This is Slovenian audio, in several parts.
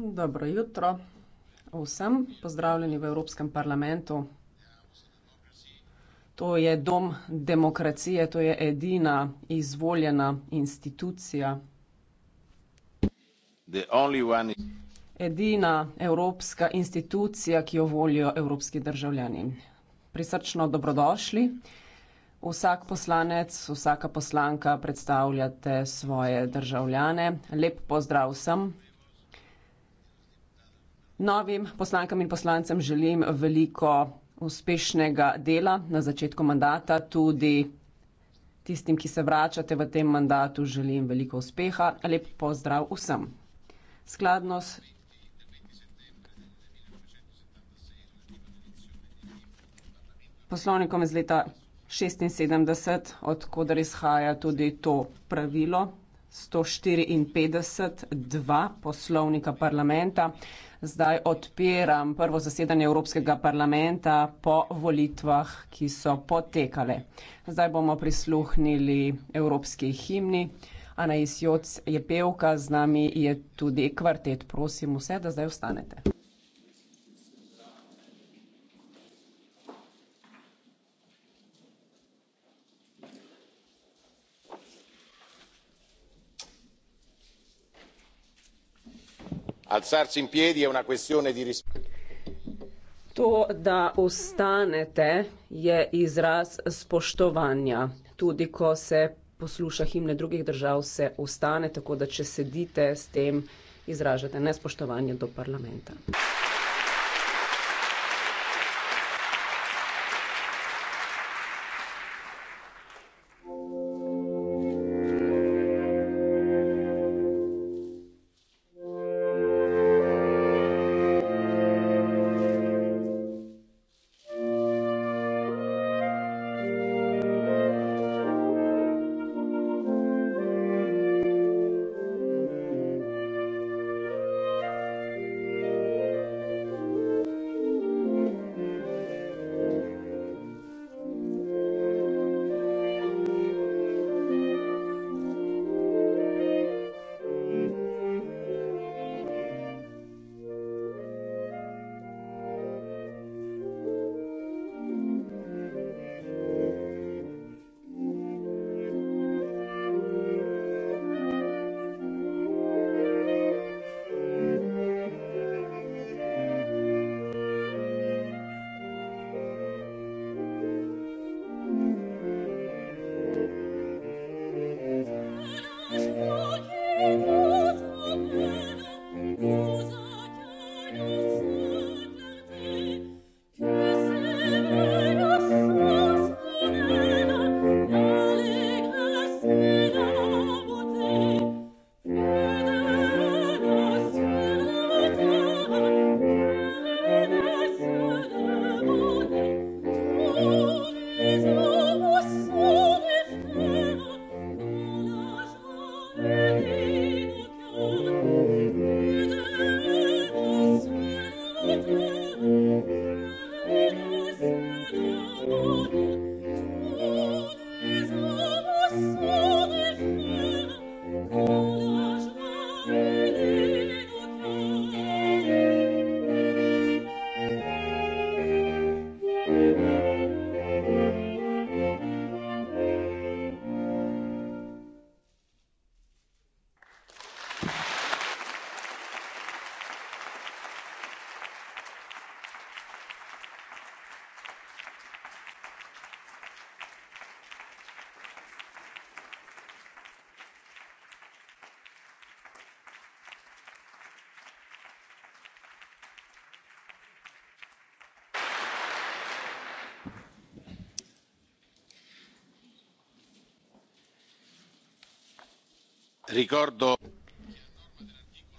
Dobro jutro vsem, pozdravljeni v Evropskem parlamentu. To je dom demokracije, to je edina izvoljena institucija. Edina evropska institucija, ki jo volijo evropski državljani. Prisrčno dobrodošli. Vsak poslanec, vsaka poslanka predstavljate svoje državljane. Lep pozdrav vsem. Novim poslankam in poslancem želim veliko uspešnega dela na začetku mandata, tudi tistim, ki se vračate v tem mandatu, želim veliko uspeha. Lep pozdrav vsem. Skladno s poslovnikom iz leta 76, odkudar izhaja tudi to pravilo, 154, 2 poslovnika parlamenta. Zdaj odpiram prvo zasedanje Evropskega parlamenta po volitvah, ki so potekale. Zdaj bomo prisluhnili evropski himni. Anais Joc je pevka, z nami je tudi kvartet. Prosim vse, da zdaj ostanete. alzarsi in piedi è una questione di rispetto. To, da ostanete, je izraz spoštovanja. Tudi, ko se posluša himne drugih držav, se ostane, tako da, če sedite s tem, izražate nespoštovanje do parlamenta.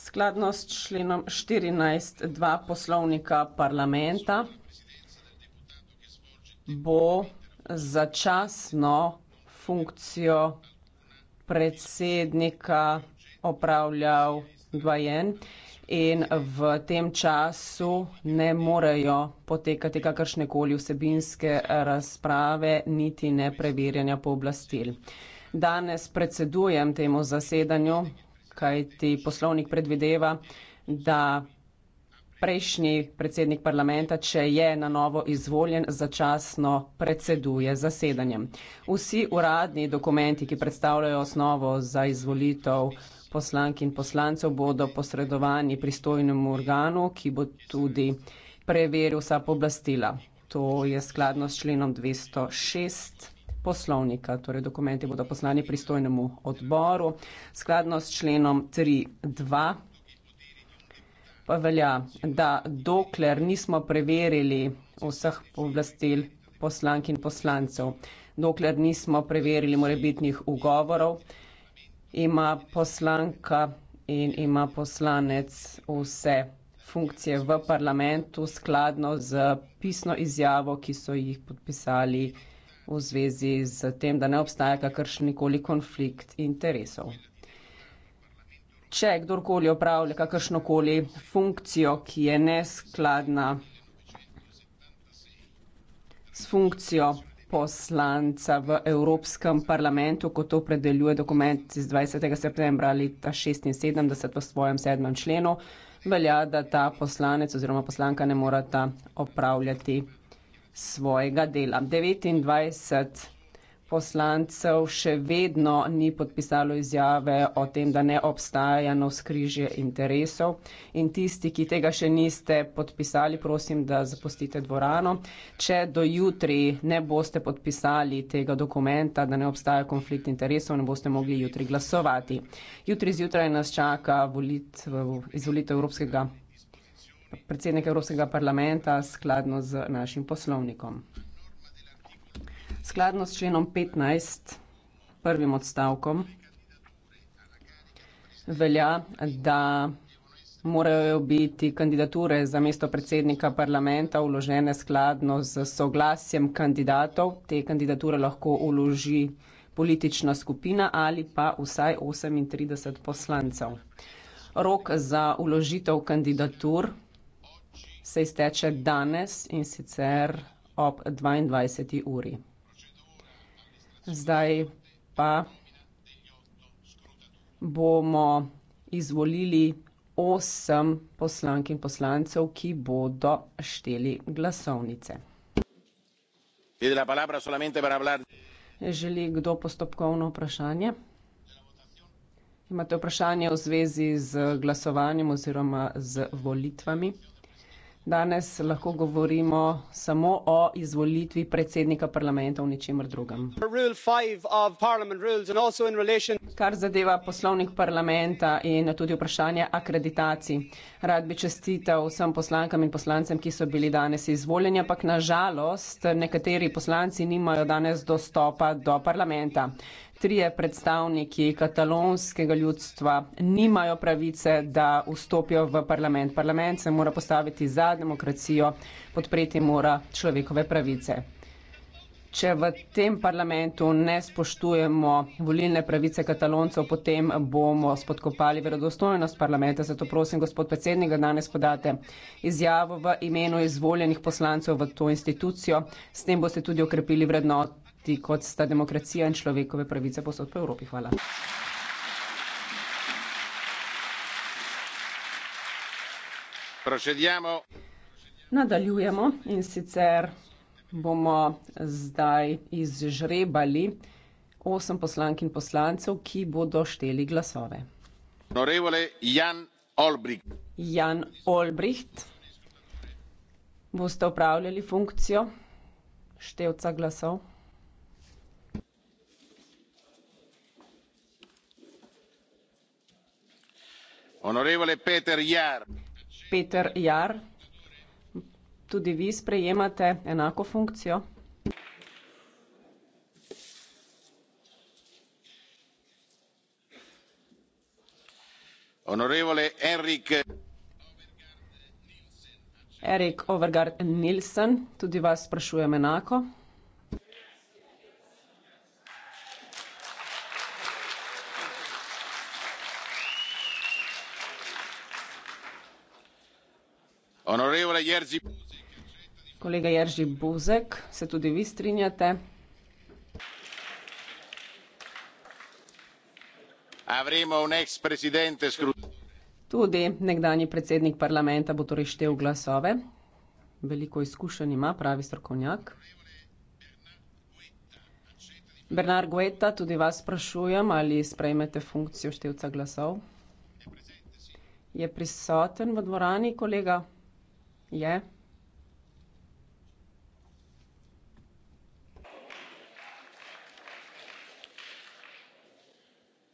Skladno s členom štirinajst dva poslovnika parlamenta bo začasno funkcijo predsednika opravljal doajen in v tem času ne morejo potekati kakršnekoli vsebinske razprave niti ne preverjanja pooblastil danes predsedujem temu zasedanju, kajti poslovnik predvideva, da prejšnji predsednik parlamenta, če je na novo izvoljen, začasno predseduje zasedanjem. Vsi uradni dokumenti, ki predstavljajo osnovo za izvolitev poslank in poslancev, bodo posredovani pristojnemu organu, ki bo tudi preveril vsa pooblastila. To je skladno s členom 206 poslovnika, torej dokumenti bodo poslani pristojnemu odboru. Skladno s členom 3.2 pa velja, da dokler nismo preverili vseh povlastil poslank in poslancev, dokler nismo preverili morebitnih ugovorov, ima poslanka in ima poslanec vse funkcije v parlamentu skladno z pisno izjavo, ki so jih podpisali v zvezi z tem, da ne obstaja kakršen koli konflikt interesov. Če kdorkoli opravlja kakršno koli funkcijo, ki je neskladna s funkcijo poslanca v Evropskem parlamentu, kot to predeljuje dokument iz 20. septembra leta 76 v svojem sedmem členu, velja, da ta poslanec oziroma poslanka ne morata opravljati svojega dela. 29 poslancev še vedno ni podpisalo izjave o tem, da ne obstaja nov skrižje interesov in tisti, ki tega še niste podpisali, prosim, da zapustite dvorano. Če do jutri ne boste podpisali tega dokumenta, da ne obstaja konflikt interesov, ne boste mogli jutri glasovati. Jutri zjutraj nas čaka volit, izvolitev Evropskega parlamenta predsednik Evropskega parlamenta skladno z našim poslovnikom. Skladno s členom 15, prvim odstavkom, velja, da morajo biti kandidature za mesto predsednika parlamenta vložene skladno z soglasjem kandidatov. Te kandidature lahko vloži politična skupina ali pa vsaj 38 poslancev. Rok za vložitev kandidatur se izteče danes in sicer ob 22. uri. Zdaj pa bomo izvolili osem poslank in poslancev, ki bodo šteli glasovnice. Želi kdo postopkovno vprašanje? Imate vprašanje v zvezi z glasovanjem oziroma z volitvami? Danes lahko govorimo samo o izvolitvi predsednika parlamenta v ničemer drugem kar zadeva poslovnik parlamenta in tudi vprašanje akreditacij. Rad bi čestitev vsem poslankam in poslancem, ki so bili danes izvoljeni, ampak nažalost nekateri poslanci nimajo danes dostopa do parlamenta. Trije predstavniki katalonskega ljudstva nimajo pravice, da vstopijo v parlament. Parlament se mora postaviti za demokracijo, podpreti mora človekove pravice. Če v tem parlamentu ne spoštujemo volilne pravice kataloncev, potem bomo spodkopali verodostojnost parlamenta. Zato prosim, gospod predsednik, da danes podate izjavo v imenu izvoljenih poslancev v to institucijo. S tem boste tudi okrepili vrednoti, kot sta demokracija in človekove pravice posod po Evropi. Hvala. Procediamo. Nadaljujemo in sicer bomo zdaj izžrebali osem poslank in poslancev, ki bodo šteli glasove. Jan Olbricht. Jan Olbricht, boste opravljali funkcijo števca glasov? Peter Jar. Peter Jar, tudi vi sprejemate enako funkcijo? Erik Overgaard Nielsen, tudi vas sprašujem enako. Kolega Jerži Buzek, se tudi vi strinjate? Tudi nekdani predsednik parlamenta bo torej štev glasove. Veliko izkušenj ima, pravi strokovnjak. Bernard Gueta, tudi vas sprašujem, ali sprejmete funkcijo števca glasov? Je prisoten v dvorani, kolega? Je.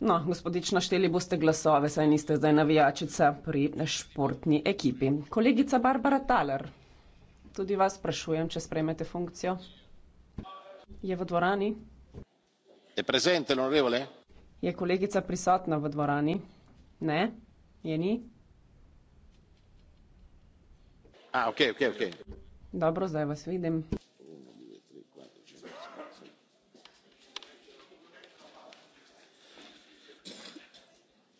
No, gospodična, šteli boste glasove, saj niste zdaj navijačica pri športni ekipi. Kolegica Barbara Taler, tudi vas sprašujem, če sprejmete funkcijo. Je v dvorani? Je prezente, onorevole? Je kolegica prisotna v dvorani? Ne, je ni. A, ok, ok, ok. Dobro, zdaj vas vidim.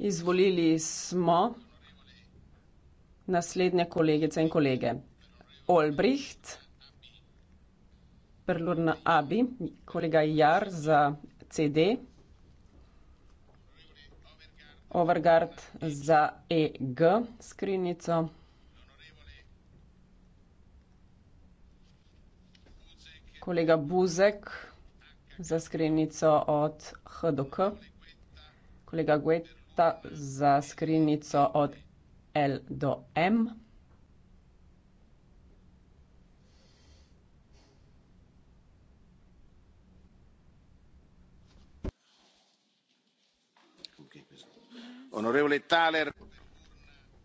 Izvolili smo naslednje kolegice in kolege. Olbricht, Perlurna Abi, kolega Jar za CD, Overgard za EG skrinjico, kolega Buzek za skrinjico od HDK, kolega Gueta, sta za skrinjico od L do M.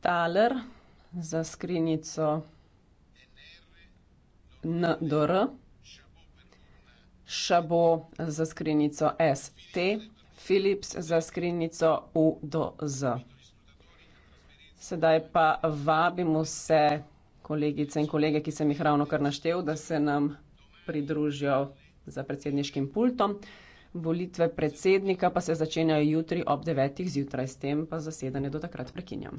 Taler za skrinjico N do R. Chabot za skrinjico S T. Philips za skrinjico U do Z. Sedaj pa vabimo vse kolegice in kolege, ki sem jih ravno kar naštel, da se nam pridružijo za predsedniškim pultom. Volitve predsednika pa se začenjajo jutri ob 9. zjutraj, s tem pa zasedanje do takrat prekinjam.